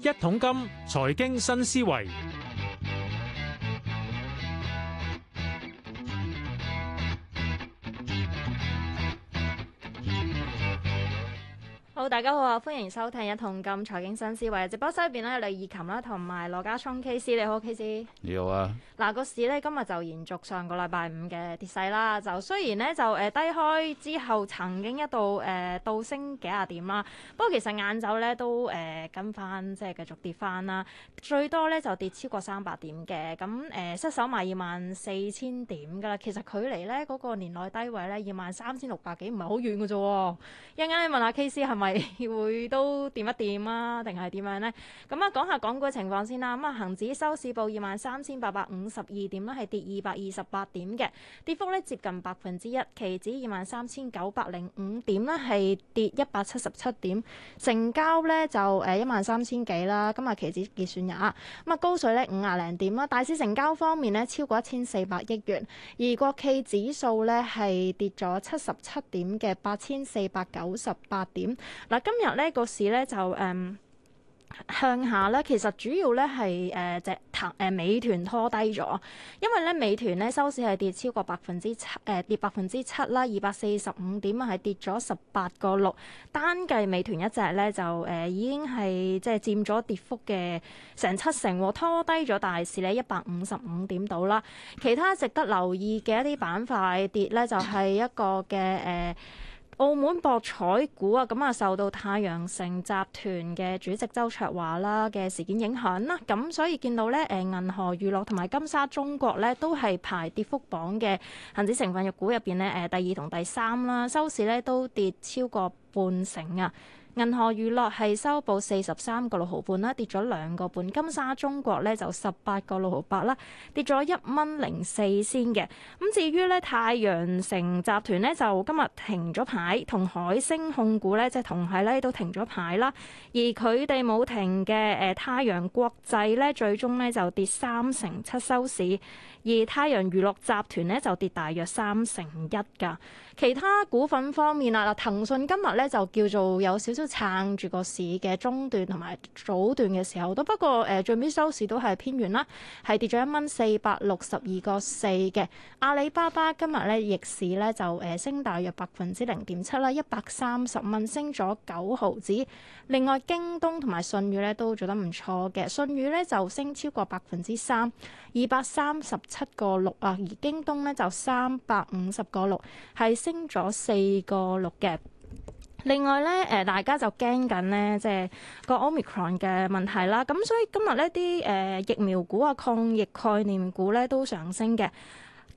一桶金，財經新思維。大家好啊，歡迎收聽《一桶金財經新思維》。直播室入邊咧，有李義琴啦，同埋羅家聰 KC，你好 KC。你好啊。嗱、啊，個市咧今日就延續上個禮拜五嘅跌勢啦。就雖然咧就誒、呃、低開之後曾經一度誒倒升幾廿點啦，不過其實晏晝咧都誒、呃、跟翻即係繼續跌翻啦。最多咧就跌超過三百點嘅，咁誒、呃、失守埋二萬四千點噶啦。其實距離咧嗰、那個年內低位咧二萬三千六百幾唔係好遠嘅啫。一陣間你問下 KC 係咪？會都掂一掂啊，定係點樣呢？咁啊，講下港股嘅情況先啦。咁啊，恒指收市報二萬三千八百五十二點呢，係跌二百二十八點嘅，跌幅呢接近百分之一。期指二萬三千九百零五點呢，係跌一百七十七點。成交呢就誒一萬三千幾啦，今日期指結算日啊。咁啊，高水呢五十零點啦。大市成交方面呢，超過一千四百億元，而國企指數呢，係跌咗七十七點嘅八千四百九十八點。嗱、啊，今日呢個市呢，就誒、嗯、向下呢。其實主要呢係誒隻騰美團拖低咗，因為呢美團呢收市係跌超過百分之七誒、呃，跌百分之七啦，二百四十五點啊，係跌咗十八個六，單計美團一隻呢，就誒、呃、已經係即係佔咗跌幅嘅成七成，拖低咗大市呢一百五十五點度啦。其他值得留意嘅一啲板塊跌呢，就係、是、一個嘅誒。呃 澳門博彩股啊，咁、嗯、啊受到太陽城集團嘅主席周卓華啦嘅事件影響啦，咁、嗯、所以見到咧，誒銀河娛樂同埋金沙中國咧都係排跌幅榜嘅恒指成分入股入邊咧，誒第二同第三啦，收市咧都跌超過半成啊。銀河娛樂係收報四十三個六毫半啦，跌咗兩個半；金沙中國呢就十八個六毫八啦，跌咗一蚊零四先嘅。咁至於咧太陽城集團呢，就今日停咗牌，同海星控股呢，即係同係呢都停咗牌啦。而佢哋冇停嘅誒、呃、太陽國際呢，最終呢就跌三成七收市。而太陽娛樂集團呢，就跌大約三成一㗎。其他股份方面啊，嗱騰訊今日呢就叫做有少少。撐住個市嘅中段同埋早段嘅時候，都不過誒、呃、最尾收市都係偏軟啦，係跌咗一蚊四百六十二個四嘅。阿里巴巴今日咧逆市咧就誒升大約百分之零點七啦，一百三十蚊升咗九毫子。另外，京東同埋信譽咧都做得唔錯嘅，信譽咧就升超過百分之三，二百三十七個六啊，而京東咧就三百五十個六，係升咗四個六嘅。另外咧，誒、呃、大家就驚緊咧，即係個 Omicron 嘅問題啦。咁所以今日呢啲誒、呃、疫苗股啊、抗疫概念股咧都上升嘅。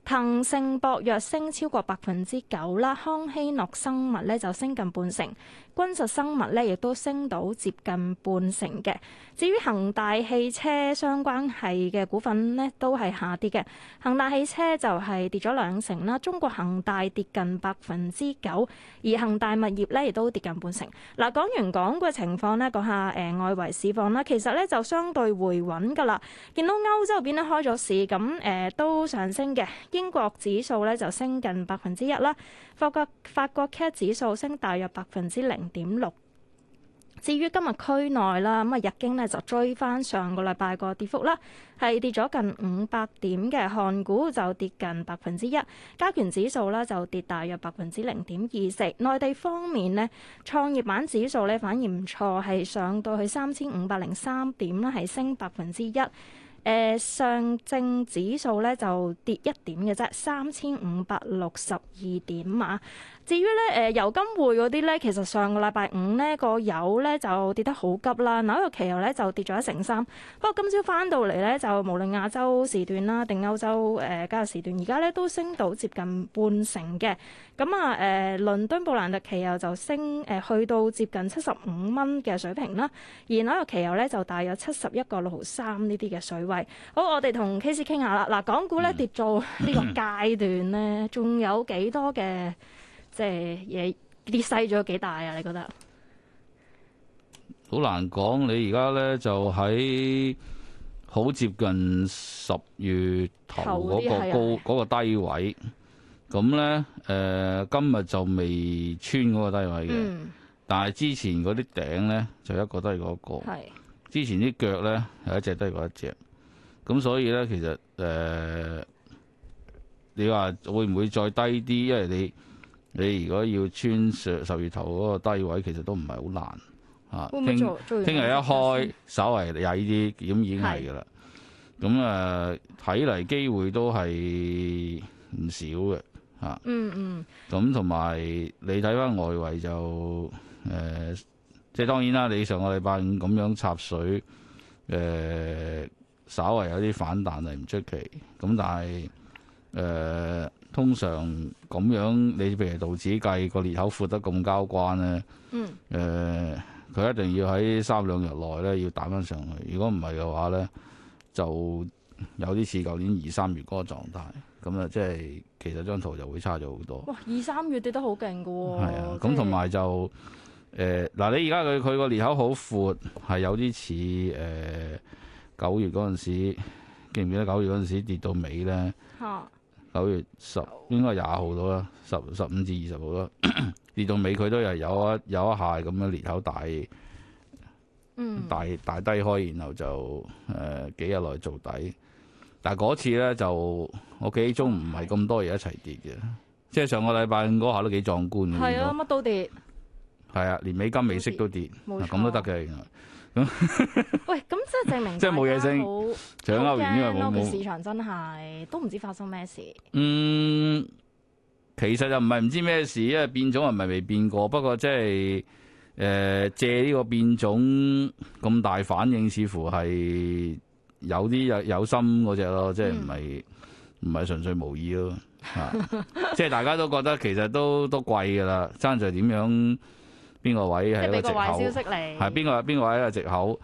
騰訊博約升超過百分之九啦，康熙諾生物咧就升近半成，軍石生物咧亦都升到接近半成嘅。至於恒大汽車相關係嘅股份呢，都係下跌嘅。恒大汽車就係跌咗兩成啦，中國恒大跌近百分之九，而恒大物業咧亦都跌近半成。嗱，講完港股嘅情況呢，講下誒外圍市況啦。其實咧就相對回穩㗎啦，見到歐洲邊咧開咗市，咁、呃、誒都上升嘅。英國指數咧就升近百分之一啦，法國法國 CAC 指數升大約百分之零點六。至於今日區內啦，咁啊日經咧就追翻上個禮拜個跌幅啦，係跌咗近五百點嘅，韓股就跌近百分之一，加權指數咧就跌大約百分之零點二四。內地方面咧，創業板指數咧反而唔錯，係上到去三千五百零三點啦，係升百分之一。誒、呃、上證指數咧就跌一點嘅啫，三千五百六十二點嘛。至於咧誒、呃、油金匯嗰啲咧，其實上個禮拜五咧個油咧就跌得好急啦，紐約期油咧就跌咗一成三。不過今朝翻到嚟咧，就無論亞洲時段啦定歐洲誒交易時段，而家咧都升到接近半成嘅。咁啊誒、呃，倫敦布蘭特期油就升誒、呃、去到接近七十五蚊嘅水平啦，而紐約期油咧就大約七十一個六毫三呢啲嘅水位。好，我哋同 K 師傾下啦。嗱，港股咧跌到呢個階段咧，仲有幾多嘅即係嘢跌細咗幾大啊？你覺得好難講。你而家咧就喺好接近十月頭嗰個高嗰個低位咁咧。誒、呃，今日就未穿嗰個低位嘅，嗯、但係之前嗰啲頂咧就一個低過一個，是之前啲腳咧有一隻低過一隻。咁所以呢，其實誒、呃，你話會唔會再低啲？因為你你如果要穿上十月頭嗰個低位，其實都唔係好難嚇。聽日明一開稍為矮啲，咁已經係㗎喇。咁誒，睇、嗯、嚟、嗯、機會都係唔少嘅嚇、嗯。嗯嗯。咁同埋你睇返外圍就誒、呃，即係當然啦。你上個禮拜五咁樣插水誒。呃呃稍為有啲反彈係唔出奇，咁但係誒、呃，通常咁樣你譬如道指計個裂口闊得咁交關咧，嗯、呃，誒，佢一定要喺三兩日內咧要打返上去。如果唔係嘅話咧，就有啲似舊年二三月嗰個狀態，咁、嗯、啊、嗯，即係其實張圖就會差咗好多。哇！二三月跌得好勁㗎喎，係啊，咁同埋就誒嗱，你而家佢佢個裂口好闊，係有啲似誒。呃九月嗰陣時，記唔記得九月嗰陣時跌到尾咧？九月十應該廿號到啦，十十五至二十號啦，跌到尾佢都係有一有一下咁樣裂口大，嗯，大大低開，然後就誒、呃、幾日內做底。但係嗰次咧就我記憶中唔係咁多嘢一齊跌嘅，即係上個禮拜嗰下都幾壯觀嘅。係啊，乜都跌。係啊，連美金美息都跌，咁都得嘅。原來， 喂，咁即係證明大家好緊張。香港市場真係都唔知發生咩事。嗯，其實就唔係唔知咩事，因為變種又唔係未變過。不過即係誒借呢個變種咁大反應，似乎係有啲有有心嗰隻咯，即係唔係唔係純粹無意咯。吓、啊， 即係大家都覺得其實都都貴㗎喇，爭在點樣？邊個位係個借口？係邊個邊個，個位係個借口？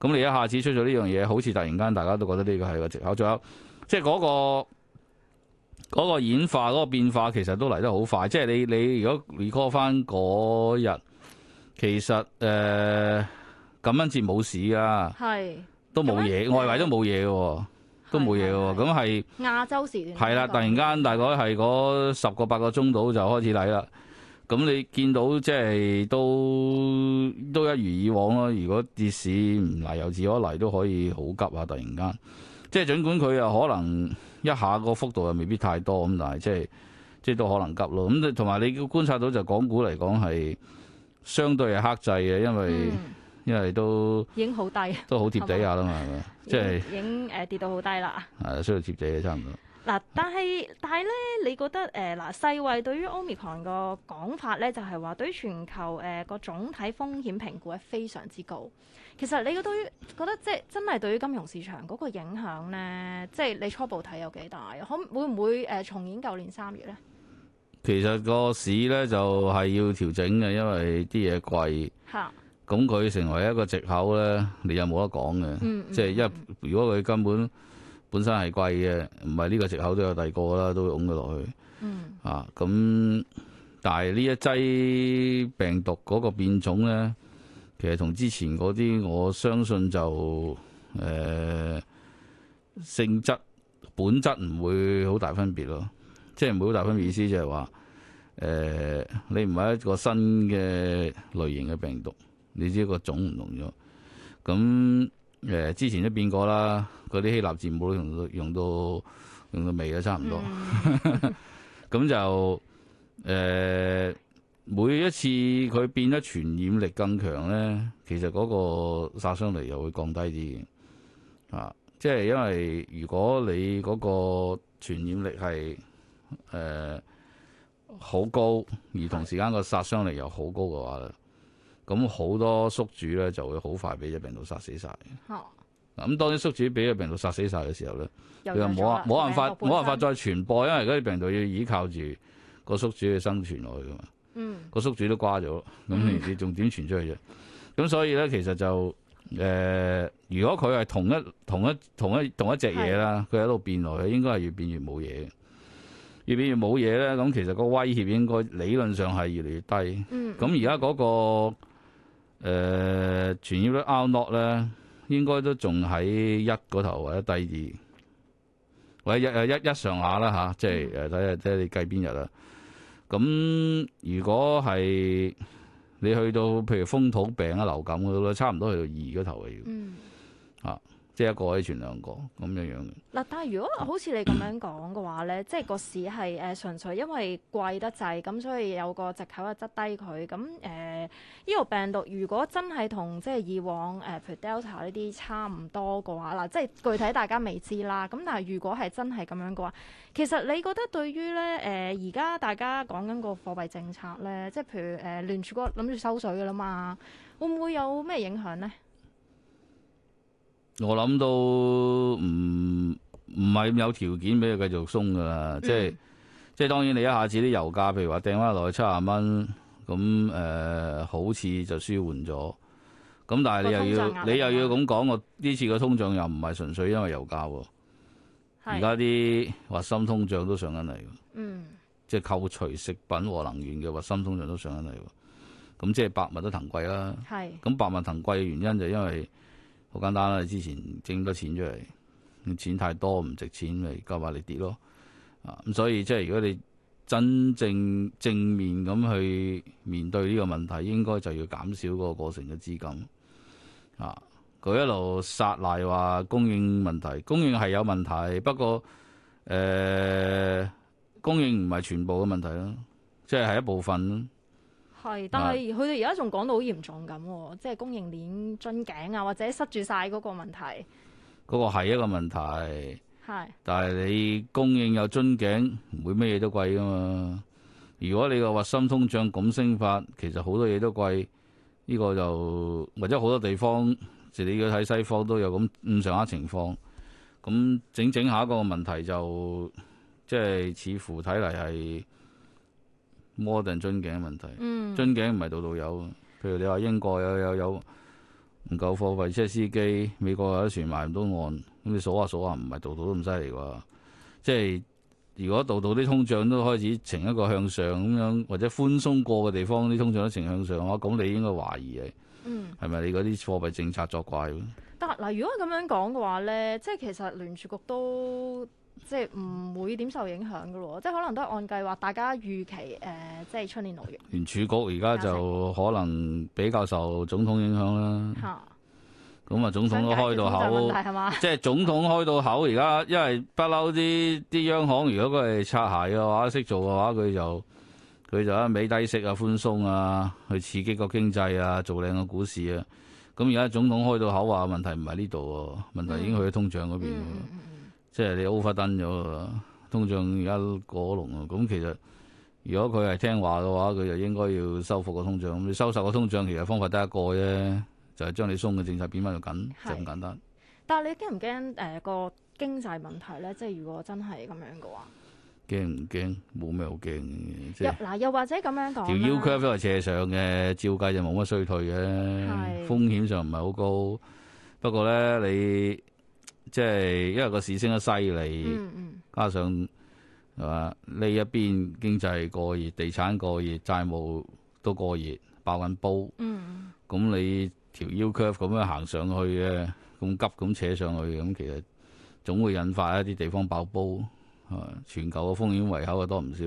咁你一下子出咗呢樣嘢，好似突然間大家都覺得呢個係個借口。仲有即係嗰、嗰個、嗰個演化，嗰、嗰個變化其實都嚟得好快。即係你你如果 recall 翻嗰日，其實誒感恩節冇事噶，係是都冇嘢，就是、外圍都冇嘢嘅，都冇嘢嘅，咁係亞洲時段係啦、那個，突然間大概係嗰十個八個鐘度就開始嚟啦。咁你見到即係都都一如以往咯。如果跌市唔嚟，由自可嚟都可以好急啊！突然間，即係儘管佢又可能一下個幅度又未必太多咁，但係即係即係都可能急咯。咁同埋你要觀察到就港股嚟講係相對係克制嘅，因為、嗯、因為都已經好低，都好貼地下啦嘛，係咪吧？即係、就是、已經誒跌到好低啦，係需要貼地嘅差唔多。嗱，但係但係咧，你覺得誒嗱、呃，世衛對於 Omicron 個講法咧，就係、是、話對於全球誒個、呃、總體風險評估係非常之高。其實你對於覺得即係真係對於金融市場嗰個影響咧，即係你初步睇有幾大？可會唔會誒重演舊年三月咧？其實個市咧就係要調整嘅，因為啲嘢貴嚇，咁佢、啊、成為一個藉口咧，你又冇得講嘅、嗯。嗯，即係因為如果佢根本。本身係貴嘅，唔係呢個借口都有第二個啦，都會拱佢落去。嗯，啊，咁但係呢一劑病毒嗰個變種咧，其實同之前嗰啲，我相信就誒、呃、性質本質唔會好大分別咯。即係唔會好大分別意思就係話，誒、呃、你唔係一個新嘅類型嘅病毒，你知一個種唔同咗，咁、嗯。誒，之前都變過啦，嗰啲希臘字母都用到用到用到尾啦，差唔多。咁 就誒、呃，每一次佢變得傳染力更強咧，其實嗰個殺傷力又會降低啲嘅。啊，即係因為如果你嗰個傳染力係誒好高，而同時間個殺傷力又好高嘅話。咁好多宿主咧，就會好快俾隻病毒殺死晒。咁、啊、當啲宿主俾隻病毒殺死晒嘅時候咧，又冇冇辦法冇辦法再傳播，因為而家啲病毒要依靠住個宿主去生存落去噶嘛。嗯，個宿主都瓜咗，咁你你仲點傳出去啫？咁、嗯、所以咧，其實就誒、呃，如果佢係同一同一同一，同一，同一同一隻嘢啦，佢喺度變落去，應該係越變越冇嘢，越變越冇嘢咧。咁其實個威脅應該理論上係越嚟越低。咁而家嗰個。誒、呃、傳染率 R0 咧，應該都仲喺一嗰頭或者第二，或者一誒一一上下啦嚇、啊，即係誒睇下即係、啊、你計邊日啊？咁如果係你去到譬如風土病啊、流感嗰度咧，差唔多去到二嗰頭嘅要，嗯、啊～即一個可以全兩個咁樣樣。嗱，但係如果好似你咁樣講嘅話咧， 即係個市係誒純粹因為貴得滯，咁所以有個藉口去執低佢。咁誒，呢、呃呢個病毒如果真係同即係以往誒、呃、譬如 Delta 呢啲差唔多嘅話，嗱，即係具體大家未知啦。咁但係如果係真係咁樣嘅話，其實你覺得對於咧誒而家大家講緊個貨幣政策咧，即係譬如誒、呃、聯儲局諗住收水嘅啦嘛，會唔會有咩影響咧？我諗都唔唔係咁有條件俾佢繼續鬆噶啦，即係即係當然你一下子啲油價，譬如話掟翻落去七啊蚊，咁誒、呃、好似就舒緩咗。咁但係你又要你又要咁講，我呢次個通脹又唔係純粹因為油價，而家啲核心通脹都上緊嚟。嗯，即係扣除食品和能源嘅核心通脹都上緊嚟，咁即係百物都騰貴啦。係咁是百物騰貴嘅原因就因為。好簡單啦，之前整多錢出嚟，啲錢太多唔值錢咪加埋你跌咯，啊咁所以即係如果你真正正面咁去面對呢個問題，應該就要減少個過剩嘅資金，啊佢一路殺賴話供應問題，供應係有問題，不過誒、呃、供應唔係全部嘅問題啦，即係係一部分。但係佢哋而家仲講到好嚴重咁，是即係供應鏈樽頸啊，或者塞住晒嗰個問題。嗰個係一個問題。係是。但係你供應有樽頸，唔會咩嘢都貴㗎嘛？如果你個核心通脹咁升法，其實好多嘢都貴。呢個就或者好多地方，甚至你要睇西方都有咁咁上下情況。咁整整下一個問題就即係似乎睇嚟係。摩定樽頸問題，樽頸、嗯、唔係度度有，譬如你話英國有有有唔夠貨櫃車司機，美國有啲船埋唔到岸，咁你數下數下唔係度度都咁犀利喎，即係如果度度啲通脹都開始呈一個向上咁樣，或者寬鬆過嘅地方啲通脹都呈向上嘅話，咁你應該懷疑係，係咪、嗯、你嗰啲貨幣政策作怪、嗯？但嗱，如果咁樣講嘅話咧，即係其實聯儲局都。即係唔會點受影響噶咯，即係可能都係按計劃，大家預期誒、呃，即係出年六月。聯儲局而家就可能比較受總統影響啦。吓，咁啊，總統都開到口，啊、問題係咪？即係總統開到口，而家因為不嬲啲啲央行，如果佢係擦鞋嘅話，識做嘅話，佢就佢就一味低息啊、寬鬆啊，去刺激個經濟啊，做靚個股市啊。咁而家總統開到口話，問題唔係呢度，問題已經去咗通脹嗰邊。嗯即係你 overdone 咗通脹而家過龍啊，咁其實如果佢係聽話嘅話，佢就應該要收復個通脹。你收實個通脹，其實方法得一個啫，就係、是、將你鬆嘅政策變翻到緊，是就咁簡單。但係你驚唔驚誒個經濟問題咧？即係如果真係咁樣嘅話，驚唔驚？冇咩好驚嘅。即嗱，又或者咁樣講，條 U curve 係斜上嘅，照計就冇乜衰退嘅，是風險上唔係好高。不過咧，你。即係因為個市升得犀利，加上啊呢一邊經濟過熱、地產過熱、債務都過熱爆緊煲，咁、嗯、你條腰 c 咁樣行上去嘅，咁急咁扯上去，咁其實總會引發一啲地方爆煲，啊全球嘅風險胃口啊多唔少，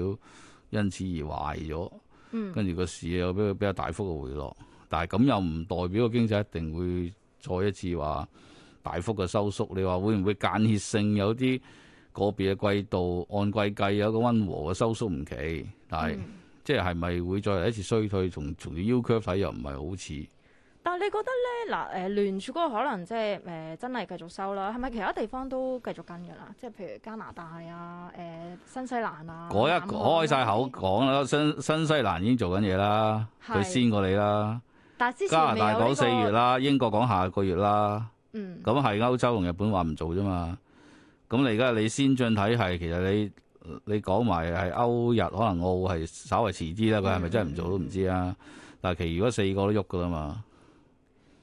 因此而壞咗，跟住個市有比比較大幅嘅回落，但係咁又唔代表個經濟一定會再一次話大幅嘅收縮，你話會唔會間歇性有啲個別嘅季度按季計有個溫和嘅收縮唔奇，但係、嗯、即係係咪會再嚟一次衰退？從從 U 曲睇又唔係好似。但係你覺得咧嗱誒聯儲嗰個可能即係誒真係繼續收啦，係咪其他地方都繼續跟㗎啦？即係譬如加拿大啊、誒、呃、新西蘭啊。嗰、啊、一開晒口講啦，新新西蘭已經做緊嘢啦，佢是先過你啦。但係之加拿大講四月啦，英國講下，個，國下個月啦。嗯，咁係歐洲同日本話唔做啫嘛，咁你而家你先進體系，其實你你講埋係歐日可能澳係稍為遲啲啦，佢係咪真係唔做都唔知啊？嗯、但係其實如果四個都喐噶啦嘛，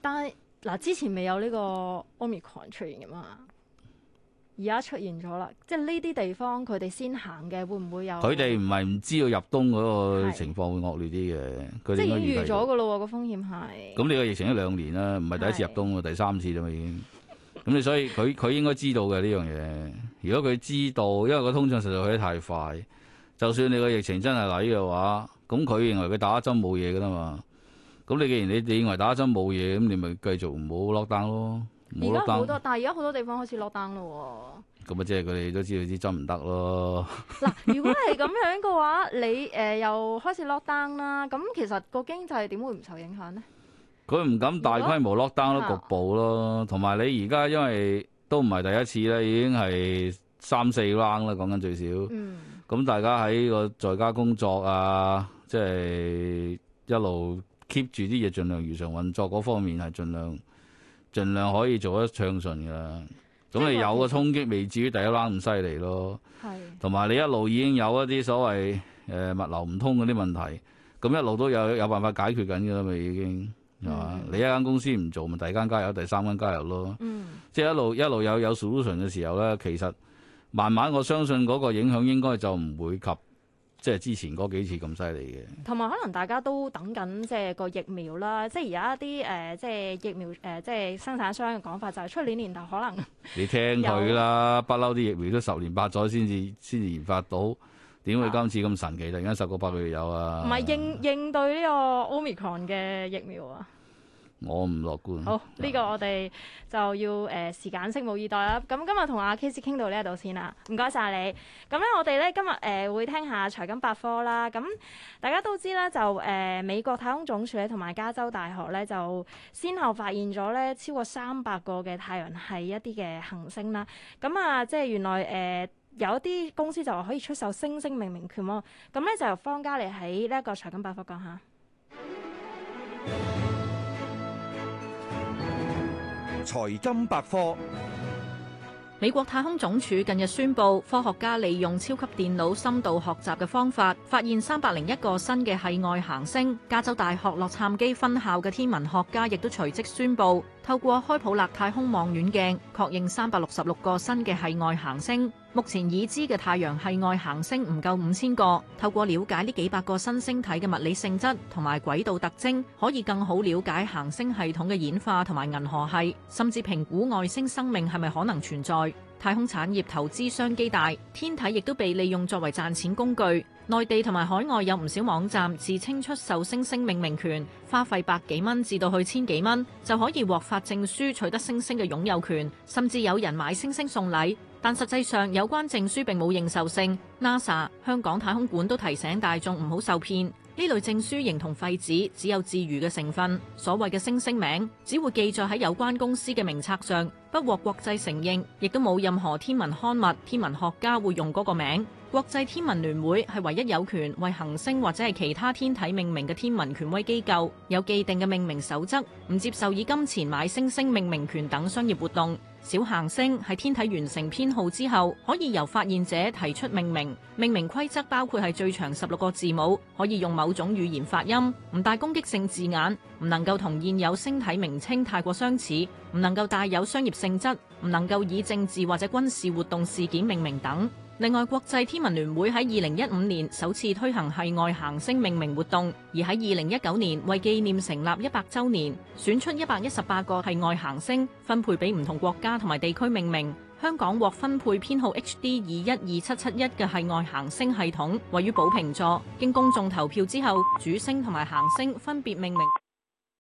但係嗱、啊、之前未有呢個 omicron 出現嘅嘛。而家出現咗啦，即係呢啲地方佢哋先行嘅，會唔會有？佢哋唔係唔知道入冬嗰個情況會惡劣啲嘅。的即係預咗噶啦，個風險係。咁你個疫情一兩年啦，唔係第一次入冬的第三次啫嘛已經。咁你所以佢佢應該知道嘅呢樣嘢。如果佢知道，因為個通脹實在去得太快，就算你個疫情真係嚟嘅話，咁佢認為佢打針冇嘢噶啦嘛。咁你既然你你認為打針冇嘢，咁你咪繼續唔好 lockdown 咯。而家好多，但係而家好多地方開始 lock down 咯。咁啊，即係佢哋都知道啲真唔得咯。嗱，如果係咁樣嘅話， 你誒、呃、又開始 lock down 啦。咁其實個經濟點會唔受影響呢？佢唔敢大規模 lock down 咯，都局部咯。同埋你而家因為都唔係第一次啦，已經係三四 round 啦，講緊最少。嗯。咁大家喺個在家工作啊，即係一路 keep 住啲嘢，儘量如常運作嗰方面係儘量。儘量可以做得暢順噶啦，總係你有個衝擊，未至於第一輪咁犀利咯。係的，同埋你一路已經有一啲所謂誒物流唔通嗰啲問題，咁一路都有有辦法解決緊噶啦，咪已經，係嘛？的你一間公司唔做，咪第二間加入，第三間加入咯。嗯的，即係一路一路有有 solution 嘅時候咧，其實慢慢我相信嗰個影響應該就唔會及。即係之前嗰幾次咁犀利嘅，同埋可能大家都等緊，即係個疫苗啦。即係而家啲誒，即係疫苗誒、呃，即係生產商嘅講法就係出年年頭可能。你聽佢啦，不嬲啲疫苗都十年八載先至先至研發到，點會今次咁神奇？突然間十個八個月有啊！唔係應應對呢個 Omicron 嘅疫苗啊！我唔樂觀。好，呢、這個我哋就要誒、呃、時間拭目以待啦。咁今日同阿 Kiki 傾到呢一度先啦，唔該晒你。咁咧，我哋咧今日誒、呃、會聽下財金百科啦。咁大家都知啦，就誒、呃、美國太空總署同埋加州大學咧就先後發現咗咧超過三百個嘅太陽系一啲嘅行星啦。咁啊，即係原來誒、呃、有一啲公司就話可以出售星星命名權喎、啊。咁咧就由方嘉利喺呢一個財金百科講下。 財金百科。美國太空總署近日宣布，科學家利用超級電腦深度學習嘅方法，發現三百零一個新嘅系外行星。加州大學洛杉磯分校嘅天文學家亦都隨即宣布，透過開普勒太空望遠鏡確認三百六十六個新嘅系外行星。目前已知嘅太陽系外行星唔夠五千個，透過了解呢幾百個新星體嘅物理性質同埋軌道特徵，可以更好了解行星系統嘅演化同埋銀河系，甚至評估外星生命係咪可能存在。太空產業投資商機大，天體亦都被利用作為賺錢工具。內地同埋海外有唔少網站自稱出售星星命名權，花費百幾蚊至到去千幾蚊，就可以獲發證書取得星星嘅擁有權，甚至有人買星星送禮。但實際上有關證書並冇認受性，NASA、香港太空館都提醒大眾唔好受騙，呢類證書形同廢紙，只有自娛嘅成分。所謂嘅星星名，只會記載喺有關公司嘅名冊上，不獲國際承認，亦都冇任何天文刊物、天文學家會用嗰個名。國際天文聯會係唯一有權為恆星或者係其他天體命名嘅天文權威機構，有既定嘅命名守則，唔接受以金錢買星星命名權等商業活動。小行星喺天體完成編號之後，可以由發現者提出命名。命名規則包括係最長十六個字母，可以用某種語言發音，唔帶攻擊性字眼，唔能夠同現有星體名稱太過相似，唔能夠帶有商業性質，唔能夠以政治或者軍事活動事件命名等。另外，國際天文聯會喺二零一五年首次推行系外行星命名活動，而喺二零一九年為紀念成立一百週年，選出一百一十八個系外行星，分配俾唔同國家同埋地區命名。香港獲分配編號 HD 二一二七七一嘅系外行星系統，位於寶瓶座。經公眾投票之後，主星同埋行星分別命名。